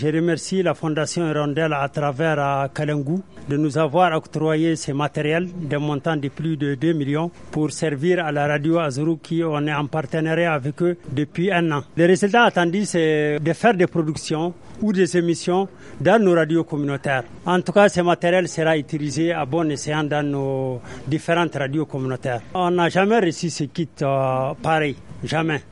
Je remercie la Fondation Hirondelle à travers euh, Kalengou de nous avoir octroyé ces matériels d'un montant de plus de 2 millions pour servir à la radio Azuru qui on est en partenariat avec eux depuis un an. Le résultat attendu, c'est de faire des productions ou des émissions dans nos radios communautaires. En tout cas, ce matériel sera utilisé à bon escient dans nos différentes radios communautaires. On n'a jamais reçu ce kit euh, pareil, jamais.